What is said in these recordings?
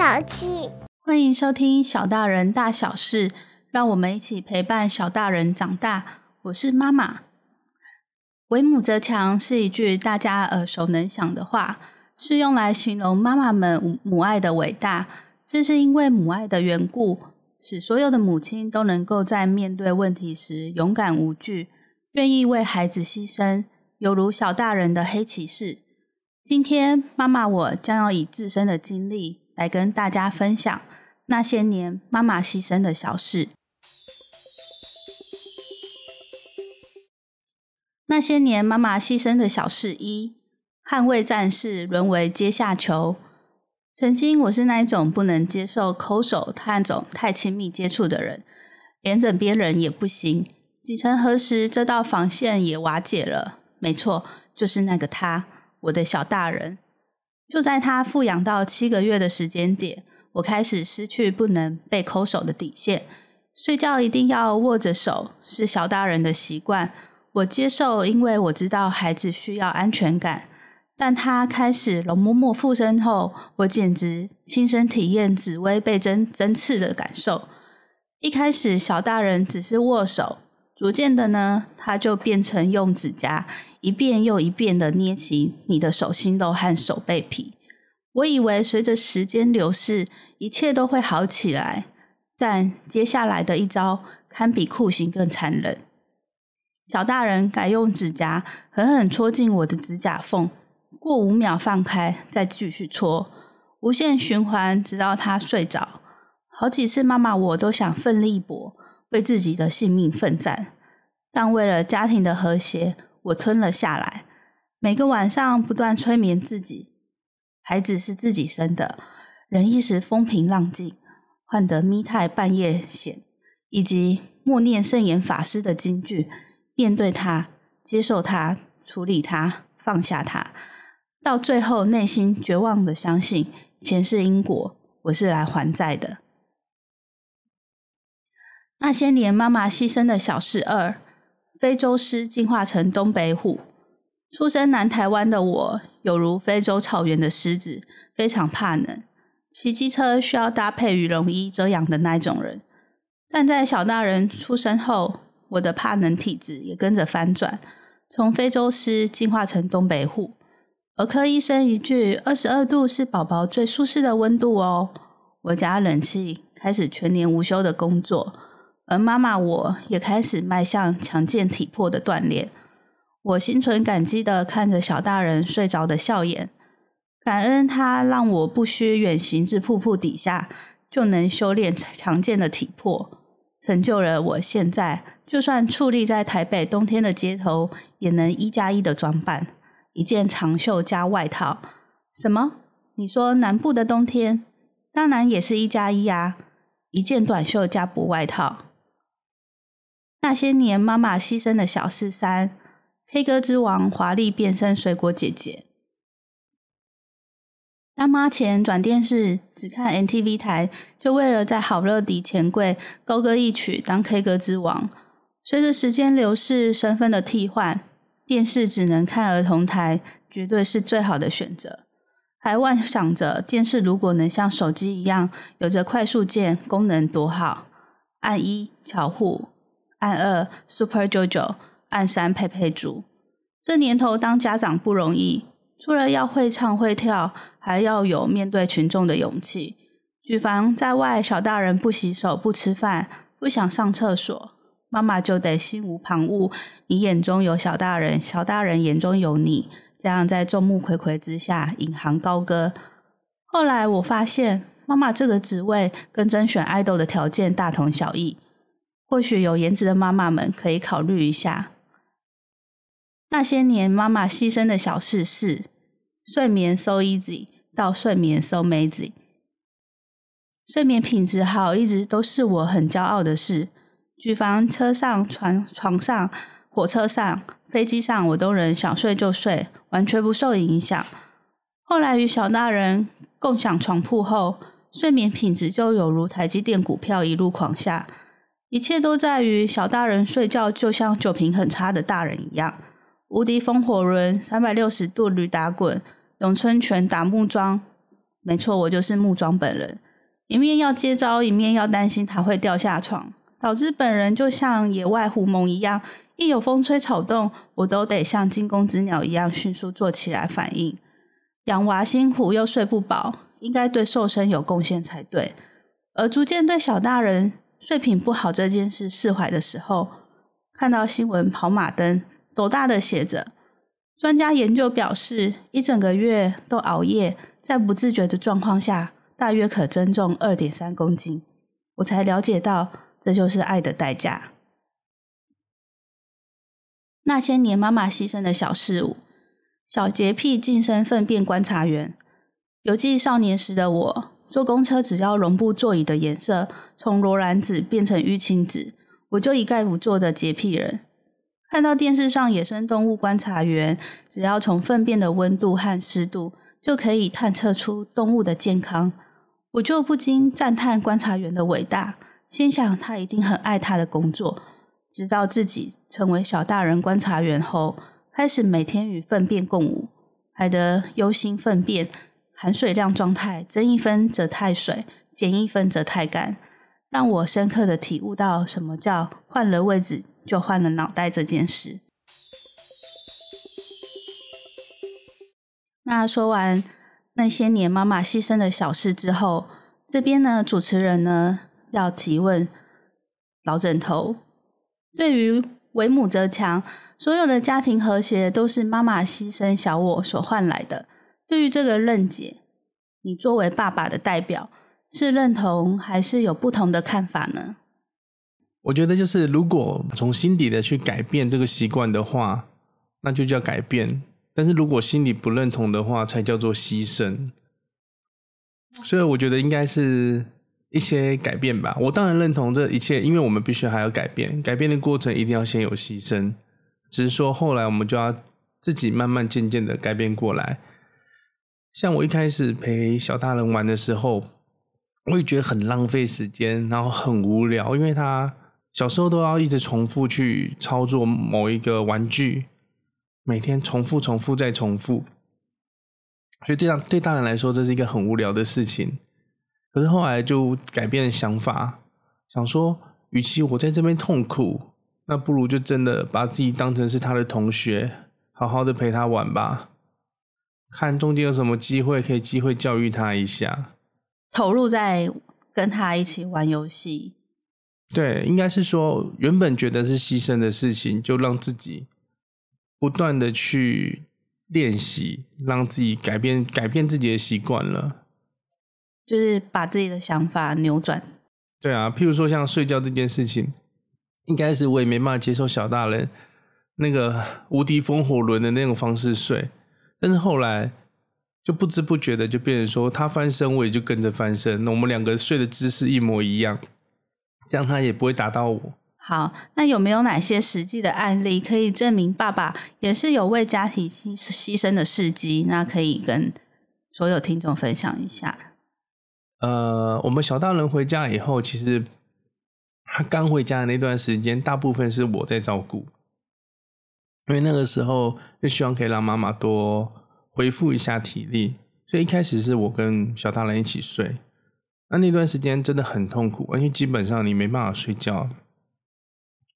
小七，歡迎收聽《小大人大小事》，讓我們一起陪伴小大人長大。我是媽媽，為母則強是一句大家耳熟能詳的話，是用來形容媽媽們母愛的偉大。正是因為母愛的緣故，使所有的母親都能夠在面對問題時勇敢無懼，願意為孩子犧牲，猶如小大人的黑騎士。今天，媽媽我將要以自身的經歷。來跟大家分享那些年媽媽犧牲的小事。那些年媽媽犧牲的小事一，捍衛戰士淪為階下囚。曾經我是那一種不能接受摳手、太總、太親密接觸的人，連枕邊人也不行。幾曾何時，這道防線也瓦解了？沒錯，就是那個他，我的小大人。就在他富養到七個月的時間點，我開始失去不能被摳手的底線。睡覺一定要握着手，是小大人的習慣，我接受，因為我知道孩子需要安全感。但他開始容嬤嬤附身後，我簡直親身體驗紫薇被針針刺的感受。一開始小大人只是握手，逐漸的呢，他就變成用指甲。一遍又一遍的捏起你的手心肉和手背皮，我以為隨着時間流逝，一切都會好起來。但接下來的一招堪比酷刑更殘忍。小大人改用指甲狠狠戳,戳進我的指甲縫，過五秒放開，再繼續戳，無限循環，直到他睡着。好幾次，媽媽我都想奮力一搏，為自己的性命奮戰，但為了家庭的和諧。我吞了下來，每個晚上不斷催眠自己。孩子是自己生的，人一時風平浪靜，換得咪太半夜險，以及默念聖嚴法師的金句，面對他，接受他，處理他，放下他，到最後內心絕望的相信，前世因果，我是來還債的。那些年媽媽犧牲的小事二。非洲獅進化成東北虎。出生南台灣的我，有如非洲草原的獅子，非常怕冷，騎機車需要搭配羽絨衣遮陽的那種人。但在小大人出生後，我的怕冷體質也跟着翻轉，從非洲獅進化成東北虎。兒科醫生一句“二十二度是寶寶最舒適的溫度哦”，我家冷氣開始全年無休的工作。而媽媽，我也開始邁向強健體魄的鍛煉。我心存感激的看着小大人睡着的笑顏，感恩他讓我不需遠行至瀑布底下，就能修煉強健的體魄，成就了我現在就算矗立在台北冬天的街頭，也能一加一的裝扮：一件長袖加外套。什麼？你說南部的冬天？當然也是一加一啊，一件短袖加薄外套。那些年媽媽犧牲的小事三，K 歌之王華麗變身水果姐姐。當媽前轉電視只看 MTV 台，就為了在好樂迪錢櫃高歌一曲當 K 歌之王。隨着時間流逝，身份的替換，電視只能看兒童台，絕對是最好的選擇。還幻想着電視如果能像手機一樣，有着快速鍵功能多好，按一巧護。按二 Super Jojo，按三佩佩豬。這年頭當家長不容易，除了要會唱會跳，還要有面對群眾的勇氣。舉凡在外小大人不洗手、不吃飯、不想上廁所，媽媽就得心無旁騖。你眼中有小大人，小大人眼中有你，這樣在眾目睽睽之下引吭高歌。後來我發現，媽媽這個職位跟甄選愛豆的條件大同小異。或許有顏值的媽媽們可以考慮一下，那些年媽媽犧牲的小事是：睡眠 so easy 到睡眠 so messy。睡眠品質好一直都是我很驕傲的事。舉房車上船床上火車上飛機上我都能想睡就睡，完全不受影響。後來與小大人共享床鋪後，睡眠品質就有如台積電股票一路狂下。一切都在於小大人睡覺，就像酒品很差的大人一樣，無敵風火輪三百六十度驢打滾，詠春拳打木樁。沒錯，我就是木樁本人。一面要接招，一面要擔心他會掉下床，導致本人就像野外狐獴一樣，一有風吹草動，我都得像驚弓之鳥一樣迅速坐起來反應。養娃辛苦又睡不飽，應該對瘦身有貢獻才對，而逐漸對小大人。睡品不好這件事釋懷的時候，看到新聞跑馬燈，斗大的寫着“專家研究表示，一整個月都熬夜，在不自覺的狀況下，大約可增重二點三公斤。”我才了解到，這就是愛的代價。那些年媽媽犧牲的小事物，小潔癖晉升糞便觀察員，猶記少年時的我。坐公車只要絨布座椅的顏色從羅蘭紫變成淤青紫，我就一概不坐的潔癖人。看到電視上野生動物觀察員，只要從糞便的溫度和濕度就可以探測出動物的健康，我就不禁讚嘆觀察員的偉大，心想他一定很愛他的工作。直到自己成為小大人觀察員後，開始每天與糞便共舞，還得憂心糞便含水量狀態，增一分則太水，減一分則太乾，讓我深刻的體悟到什麼叫換了位置就換了腦袋這件事。 那說完那些年媽媽犧牲的小事之後，這邊呢，主持人呢，要提問老枕頭，對於為母則強，所有的家庭和諧都是媽媽犧牲小我所換來的。對於這個見解，你作為爸爸的代表，是認同還是有不同的看法呢？我覺得，就是如果從心底的去改變這個習慣的話，那就叫改變；但是如果心裡不認同的話，才叫做犧牲。所以，我覺得應該是一些改變吧。我當然認同這一切，因為我們必須還要改變。改變的過程一定要先有犧牲，只是說後來我們就要自己慢慢、漸漸的改變過來。像我一開始陪小大人玩的時候，我也覺得很浪費時間，然後很無聊，因為他小時候都要一直重複去操作某一個玩具，每天重複、重複、再重複，所以對他對大人來說，這是一個很無聊的事情。可是後來就改變了想法，想說，與其我在這邊痛苦，那不如就真的把自己當成是他的同學，好好的陪他玩吧。看中間有什麼機會可以機會教育他一下，投入在跟他一起玩遊戲。對，應該是說原本覺得是犧牲的事情，就讓自己不斷的去練習，讓自己改變改變自己的習慣了，就是把自己的想法扭轉。對啊，譬如說像睡覺這件事情，應該是我也沒辦法接受小大人那個無敵風火輪的那種方式睡。但是後來，就不知不覺的就變成說，他翻身我也就跟着翻身。那我們兩個睡的姿勢一模一樣，這樣他也不會打到我。好，那有沒有哪些實際的案例可以證明爸爸也是有為家庭犧犧牲的事蹟？那可以跟所有聽眾分享一下。呃，我們小大人回家以後，其實他剛回家的那段時間，大部分是我在照顧。因為那個時候就希望可以讓媽媽多恢復一下體力，所以一開始是我跟小大人一起睡。那那段時間真的很痛苦，因為基本上你沒辦法睡覺，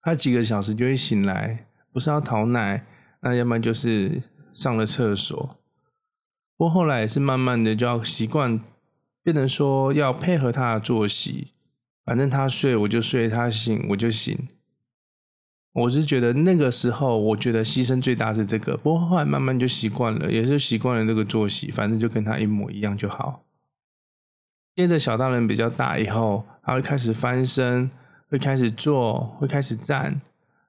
他幾個小時就會醒來，不是要討奶，那要麼就是上了廁所。不過後來也是慢慢的就要習慣，變成說要配合他的作息，反正他睡我就睡，他醒我就醒。我是覺得那個時候，我覺得犧牲最大是這個。不過後來慢慢就習慣了，也是習慣了這個作息，反正就跟他一模一樣就好。接着小大人比較大以後，他會開始翻身，會開始坐，會開始站。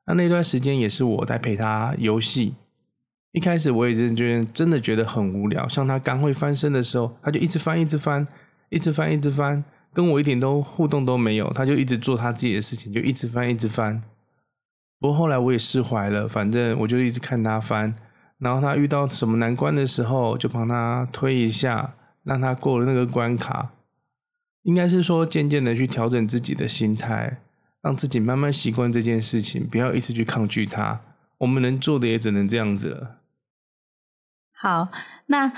那那段時間也是我在陪他遊戲。一開始我也真覺得真的覺得很無聊。像他剛會翻身的時候，他就一直翻，一直翻，一直翻，一直翻，跟我一點都互動都沒有，他就一直做他自己的事情，就一直翻，一直翻。不過後來我也釋懷了，反正我就一直看他翻，然後他遇到什麼難關的時候，就幫他推一下，讓他過了那個關卡。應該是說，漸漸的去調整自己的心態，讓自己慢慢習慣這件事情，不要一直去抗拒他。我們能做的也只能這樣子了。好，那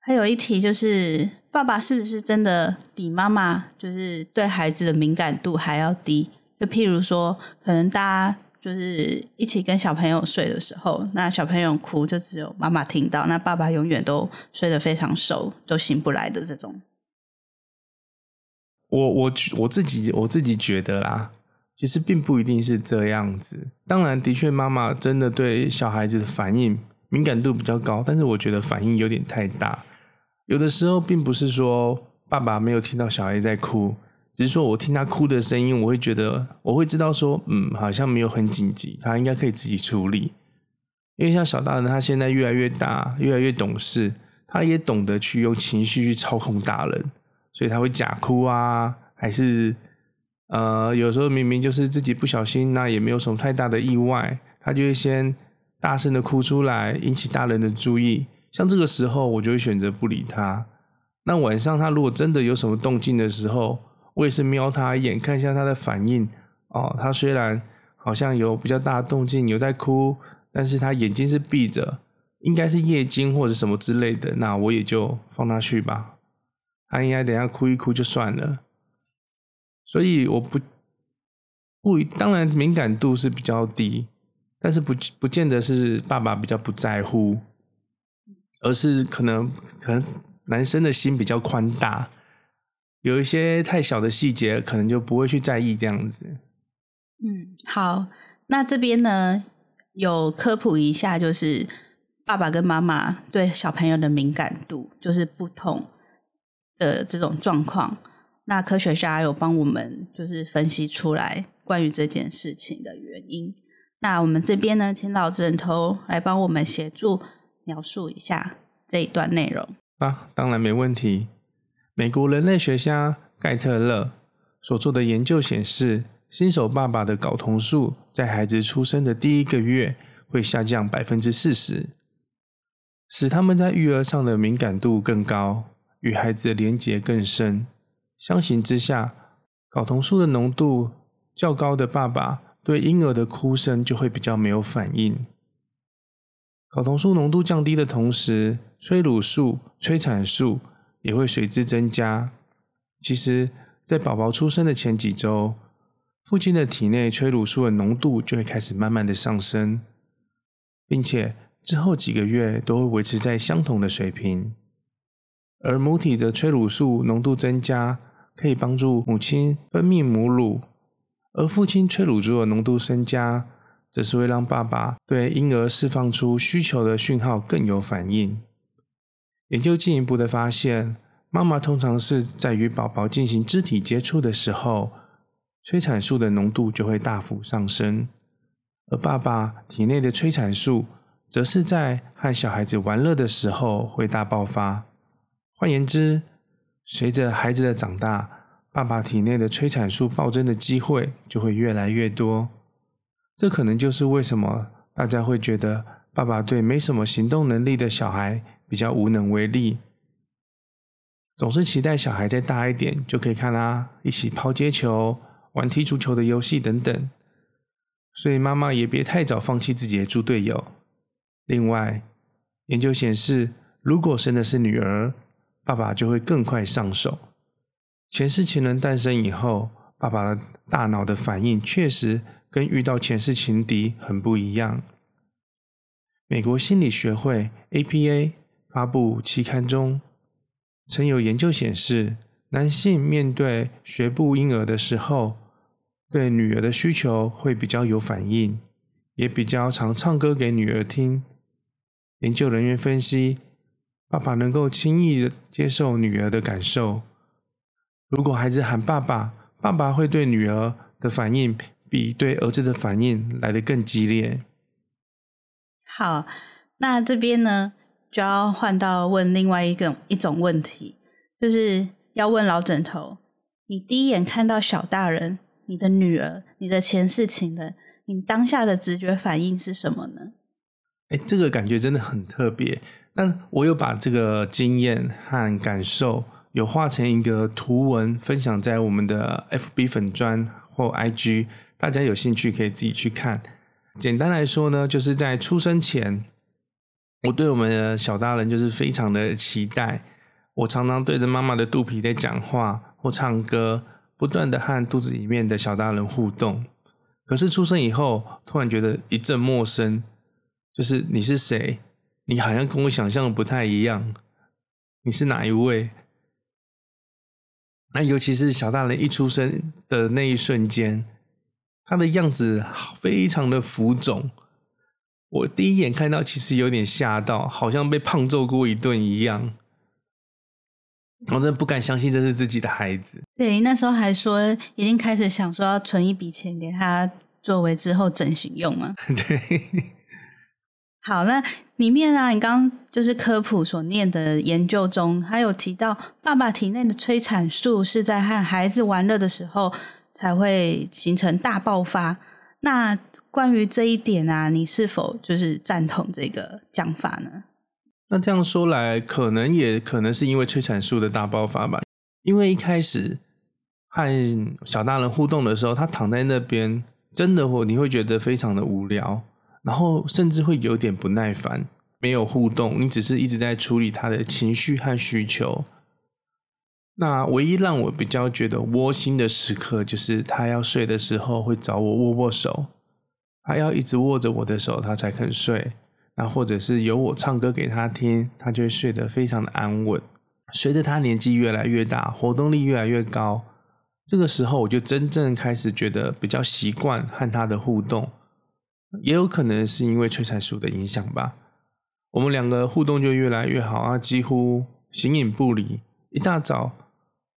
還有一題就是，爸爸是不是真的比媽媽就是對孩子的敏感度還要低？就譬如說，可能大家就是一起跟小朋友睡的時候，那小朋友哭就只有媽媽聽到，那爸爸永遠都睡得非常熟，都醒不來的這種。我我我自己我自己覺得啦，其實並不一定是這樣子。當然，的確媽媽真的對小孩子的反應敏感度比較高，但是我覺得反應有點太大。有的時候並不是說爸爸沒有聽到小孩在哭。只是說，我聽他哭的聲音，我會覺得我會知道說，嗯，好像沒有很緊急，他應該可以自己處理。因為像小大人，他現在越來越大，越來越懂事，他也懂得去用情緒去操控大人，所以他會假哭啊，還是呃，有時候明明就是自己不小心啊，那也沒有什麼太大的意外，他就會先大聲的哭出來，引起大人的注意。像這個時候，我就會選擇不理他。那晚上他如果真的有什麼動靜的時候，我也是瞄他一眼，看一下他的反應。哦，他雖然好像有比較大的動靜，有在哭，但是他眼睛是閉着，應該是夜驚或者什麼之類的。那我也就放他去吧。他應該等下哭一哭就算了。所以我不，不，當然敏感度是比較低，但是不，不見得是爸爸比較不在乎，而是可能可能男生的心比較寬大。有一些太小的細節，可能就不會去在意這樣子。嗯，好，那這邊呢，有科普一下，就是爸爸跟媽媽對小朋友的敏感度就是不同的這種狀況。那科學家有幫我們就是分析出來關於這件事情的原因。那我們這邊呢，請老枕頭來幫我們協助描述一下這一段內容。啊，當然沒問題。美國人類學家蓋特勒所做的研究顯示，新手爸爸的睾酮素在孩子出生的第一個月會下降百分之四十，使他們在育兒上的敏感度更高，與孩子的連結更深。相形之下，睾酮素的濃度較高的爸爸對嬰兒的哭聲就會比較沒有反應。睾酮素濃度降低的同時，催乳素、催產素，也會隨之增加。其實，在寶寶出生的前幾周，父親的體內催乳素的濃度就會開始慢慢的上升，並且之後幾個月都會維持在相同的水平。而母體的催乳素濃度增加，可以幫助母親分泌母乳；而父親催乳素的濃度增加，則是會讓爸爸對嬰兒釋放出需求的訊號更有反應。研究進一步的發現，媽媽通常是在與寶寶進行肢體接觸的時候，催產素的濃度就會大幅上升，而爸爸體內的催產素則是在和小孩子玩樂的時候會大爆發。換言之，隨着孩子的長大，爸爸體內的催產素暴增的機會就會越來越多。這可能就是為什麼大家會覺得爸爸對沒什麼行動能力的小孩。比較無能為力，總是期待小孩再大一點就可以看啦，一起拋接球、玩踢足球的遊戲等等。所以媽媽也別太早放棄自己的豬隊友。另外，研究顯示，如果生的是女兒，爸爸就會更快上手。前世情人誕生以後，爸爸的大腦的反應確實跟遇到前世情敵很不一樣。美國心理學會 （APA）。AP A, 發布期刊中曾有研究顯示，男性面對學步嬰兒的時候，對女兒的需求會比較有反應，也比較常唱歌給女兒聽。研究人員分析，爸爸能夠輕易的接受女兒的感受。如果孩子喊爸爸，爸爸會對女兒的反應比對兒子的反應來得更激烈。好，那這邊呢？就要換到問另外一個一種問題，就是要問老枕頭，你第一眼看到小大人，你的女兒，你的前世情人，你當下的直覺反應是什麼呢？誒、欸、這個感覺真的很特別。那我有把這個經驗和感受有畫成一個圖文，分享在我們的 FB 粉專或 IG，大家有興趣可以自己去看。簡單來說呢，就是在出生前。我對我們的小大人就是非常的期待，我常常對着媽媽的肚皮在講話或唱歌，不斷的和肚子裡面的小大人互動。可是出生以後，突然覺得一陣陌生，就是你是誰？你好像跟我想象的不太一樣，你是哪一位？那尤其是小大人一出生的那一瞬間，他的樣子非常的浮腫。我第一眼看到，其實有點嚇到，好像被胖揍過一頓一樣。我真的不敢相信這是自己的孩子。對，那時候還說已經開始想說要存一筆錢給他，作為之後整形用嘛。對。好，那裡面啊，你剛剛就是科普所念的研究中，他有提到爸爸體內的催產素是在和孩子玩樂的時候才會形成大爆發。那關於這一點啊，你是否就是贊同這個講法呢？那這樣說來，可能也可能是因為催產素的大爆發吧。因為一開始和小大人互動的時候，他躺在那邊，真的會你會覺得非常的無聊，然後甚至會有點不耐煩，沒有互動，你只是一直在處理他的情緒和需求。那唯一讓我比較覺得窩心的時刻，就是他要睡的時候會找我握握手，他要一直握着我的手，他才肯睡。那或者是由我唱歌給他聽，他就會睡得非常的安穩。隨着他年紀越來越大，活動力越來越高，這個時候我就真正開始覺得比較習慣和他的互動，也有可能是因為催產素的影響吧。我們兩個互動就越來越好啊，幾乎形影不離，一大早。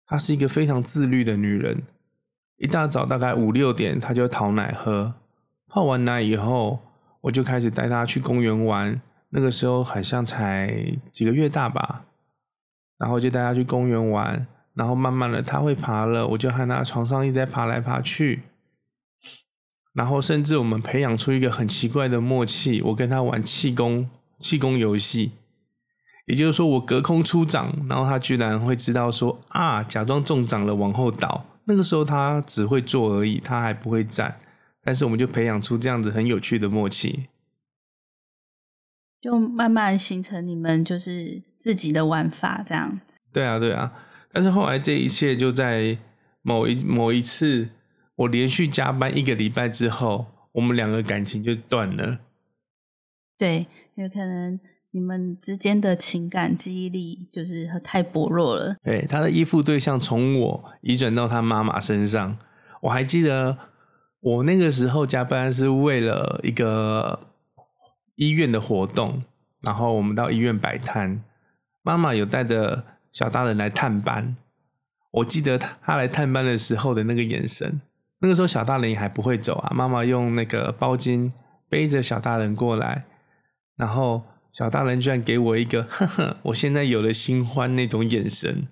她是一個非常自律的女人，一大早大概五六點，她就討奶喝。泡完奶以後，我就開始帶她去公園玩。那個時候好像才幾個月大吧，然後就帶她去公園玩。然後慢慢的，她會爬了，我就和她床上一直在爬來爬去。然後甚至我們培養出一個很奇怪的默契，我跟她玩氣功氣功遊戲。也就是說，我隔空出掌，然後他居然會知道說啊，假裝中掌了，往後倒。那個時候他只會坐而已，他還不會站。但是我們就培養出這樣子很有趣的默契，就慢慢形成你們就是自己的玩法這樣子。對啊，對啊。但是後來這一切就在某一某一次，我連續加班一個禮拜之後，我們兩個感情就斷了。對，有可能。你們之間的情感記憶力就是太薄弱了。對，他的依附對象從我移轉到他媽媽身上。我還記得我那個時候加班是為了一個醫院的活動，然後我們到醫院擺攤。媽媽有帶着小大人來探班，我記得他來探班的時候的那個眼神。那個時候小大人也還不會走啊，媽媽用那個包巾背着小大人過來，然後。小大人居然給我一個，呵呵，我現在有了新歡那種眼神，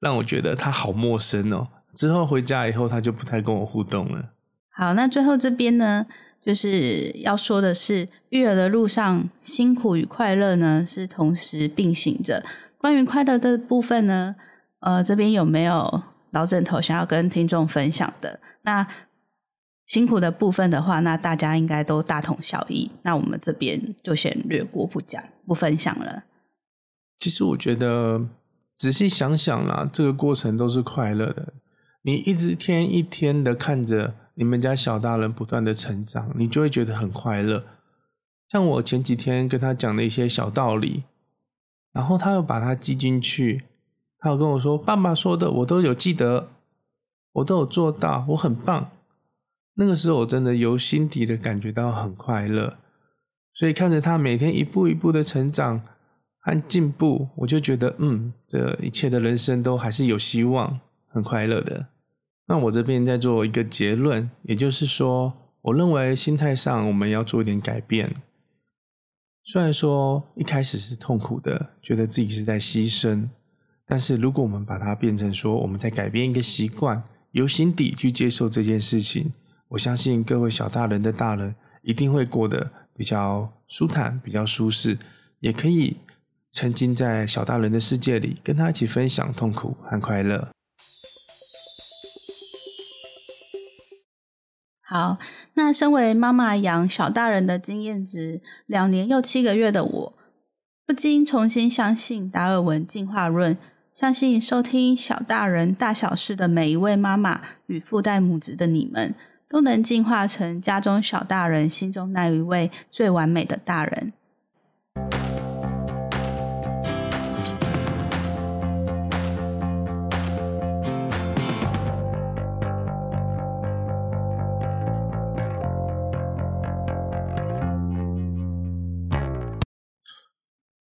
讓我覺得他好陌生哦。之後回家以後，他就不太跟我互動了。好，那最後這邊呢，就是要說的是，育兒的路上辛苦與快樂呢是同時並行着。關於快樂的部分呢，呃，這邊有沒有老枕頭想要跟聽眾分享的？那。辛苦的部分的話，那大家應該都大同小異。那我們這邊就先略過不講，不分享了。其實我覺得，仔細想想啦，這個過程都是快樂的。你一直天一天的看着你們家小大人不斷的成長，你就會覺得很快樂。像我前幾天跟他講的一些小道理，然後他又把他記進去，他又跟我說：“爸爸說的，我都有記得，我都有做到，我很棒。”那個時候，我真的由心底的感覺到很快樂，所以看着他每天一步一步的成長和進步，我就覺得，嗯，這一切的人生都還是有希望，很快樂的。那我這邊在做一個結論，也就是說，我認為心態上我們要做一點改變。雖然說一開始是痛苦的，覺得自己是在犧牲，但是如果我們把它變成說我們在改變一個習慣，由心底去接受這件事情。我相信各位小大人的大人一定會過得比較舒坦，比較舒適，也可以沉浸在小大人的世界裡，跟他一起分享痛苦和快樂。好，那身為媽媽養小大人的經驗值兩年又七個月的我，不禁重新相信達爾文進化論，相信收聽小大人大小事的每一位媽媽與父代母職的你們，都能進化成家中小大人，心中那一位最完美的大人。